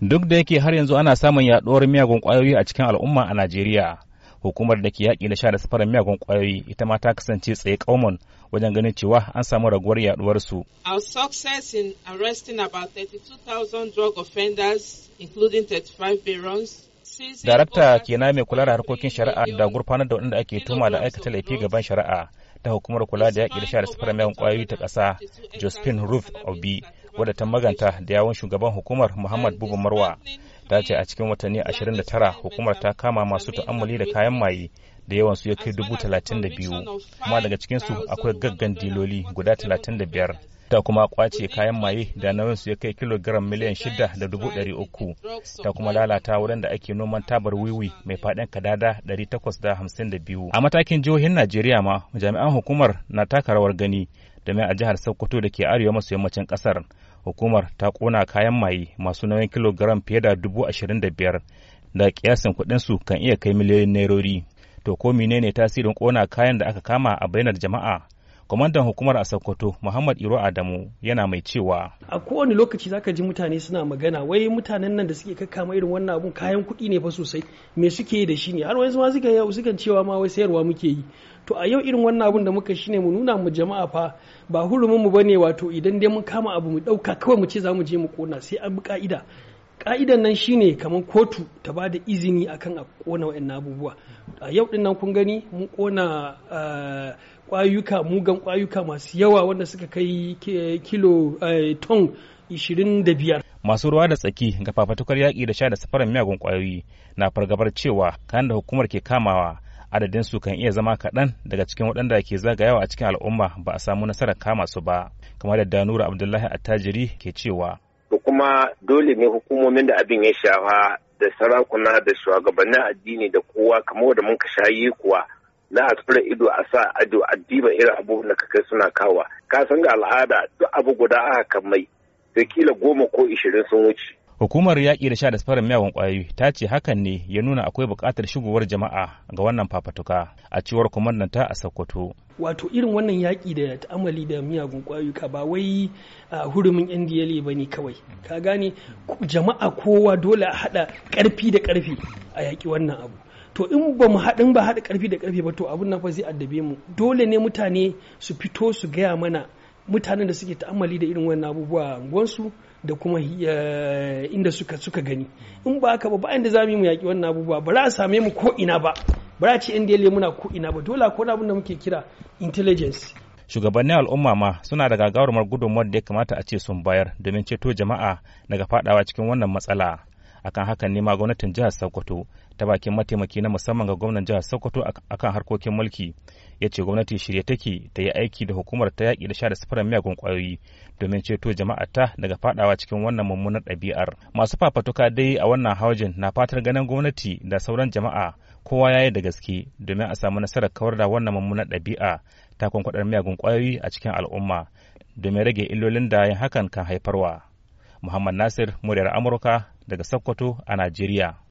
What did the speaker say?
duk da yake har yanzu ana samun yaɗuwar miyagun kwayoyi a cikin al'umma a Najeriya hukumar da ke yaƙi da sha da safarar miyagun kwayoyi ita ma ta kasance tsaye ƙaumon wajen ganin cewa an samu raguwar yaduwar su our success in arresting about 32,000 drug offenders including 35 barons Darakta na mai kula da harkokin shari'a da gurfanar da waɗanda ake tuma da aikata laifi gaban shari'a ta hukumar kula da yaƙi da sha da safarar miyagun kwayoyi ta ƙasa Josephine Ruth Obi wadda ta maganta da yawon shugaban hukumar muhammad bubu marwa ta ce a cikin watanni 29 hukumar ta kama masu ta'ammali da kayan maye da yawan su ya kai dubu talatin da biyu kuma daga cikinsu akwai gaggan diloli guda talatin da biyar ta kuma kwace kayan maye da nauyin su ya kai kilogram miliyan shida da dubu ɗari uku ta kuma lalata wurin da ake noman tabar wiwi mai faɗin kadada ɗari takwas da hamsin da biyu a matakin jihohin najeriya ma jami'an hukumar na taka rawar gani da mai a jihar sokoto da ke arewa masu yammacin ƙasar hukumar ta kona kayan maye masu nauyin kilogram fiye da dubu ashirin da biyar da kiyasin kuɗinsu kan iya kai miliyoyin nairori to ko menene tasirin kona kayan da aka kama a bainar jama'a kwamandan hukumar a sokoto muhammad iro adamu yana mai cewa a kowane lokaci zaka ji mutane suna magana wai mutanen nan da suke kakkama irin wannan abun kayan kuɗi ne fa sosai me suke yi da shi ne har wani ma suka yau sukan cewa ma wai sayarwa muke yi to a yau irin wannan abun da muka shi ne mu nuna mu jama'a fa ba hurumin mu ba ne wato idan dai mun kama abu mu ɗauka kawai mu ce za mu je mu kona sai an bi ka'ida ka'idan nan shine kamar kotu ta ba da izini akan a kona wa'annan abubuwa a yau din nan kun gani mun kona kwayuka eh, mugan kwayuka masu yawa wanda suka kai kilo eh, ton 25 masu ruwa da tsaki ga fafatukar yaƙi da sha da safaran miyagun kwayoyi na fargabar cewa kan da hukumar ke kamawa adadin su kan iya zama kaɗan daga cikin waɗanda ke zagayawa a cikin al'umma ba a samu nasarar kama su ba kamar da danura abdullahi attajiri ke cewa to kuma dole ne hukumomin da abin ya shafa da sarakuna da shugabannin addini da kowa kamar da mun ka yi kuwa na a ido a sa ado addiba irin abubuwan da kai suna kawa ka san ga al'ada duk abu guda aka kan mai sai kila goma ko ishirin sun wuce Hukumar yaƙi da sha da safarar miyagun ƙwayoyi ta ce hakan ne ya nuna akwai buƙatar shigowar jama'a ga wannan fafatuka a cewar kumannan ta a Sokoto. Wato irin wannan yaƙi da ta'amali da miyagun ƙwayoyi ba wai a hurumin NDLA ba ne kawai. Ka gane jama'a kowa dole a haɗa ƙarfi da ƙarfi a yaƙi wannan abu. to in ba mu haɗa ba haɗa ƙarfi da ƙarfi ba to abin nan fa zai addabe mu dole ne mutane su fito su gaya mana mutanen da suke ta'ammali da irin wannan abubuwa unguwansu da kuma eh, inda suka suka gani in ba haka ba bayan da zamu yi mu yaki wannan abubuwa ba za a same mu ko ina ba ba za a ce NDLA muna ko ina ba dole ko abin da muke kira intelligence shugabannin al'umma ma suna da gagarumar gudunmawar da ya kamata a ce sun bayar domin ceto jama'a daga fadawa cikin wannan matsala akan hakan ne ma gwamnatin jihar sokoto ta bakin mataimaki na musamman ga gwamnan jihar sokoto akan harkokin mulki ya ce gwamnati shirye take ta yi aiki da hukumar ta yaƙi da sha da sifirin miyagun ƙwayoyi domin ceto jama'a ta daga fadawa cikin wannan mummunar ɗabi'ar masu fafatuka dai a wannan haujin na fatar ganin gwamnati da sauran jama'a kowa ya yi da gaske domin a samu nasarar kawar da wannan mummunar ɗabi'a ta kwankwaɗar miyagun ƙwayoyi a cikin al'umma domin rage illolin da yin hakan kan haifarwa muhammad nasir muryar amurka daga Sokoto a Najeriya.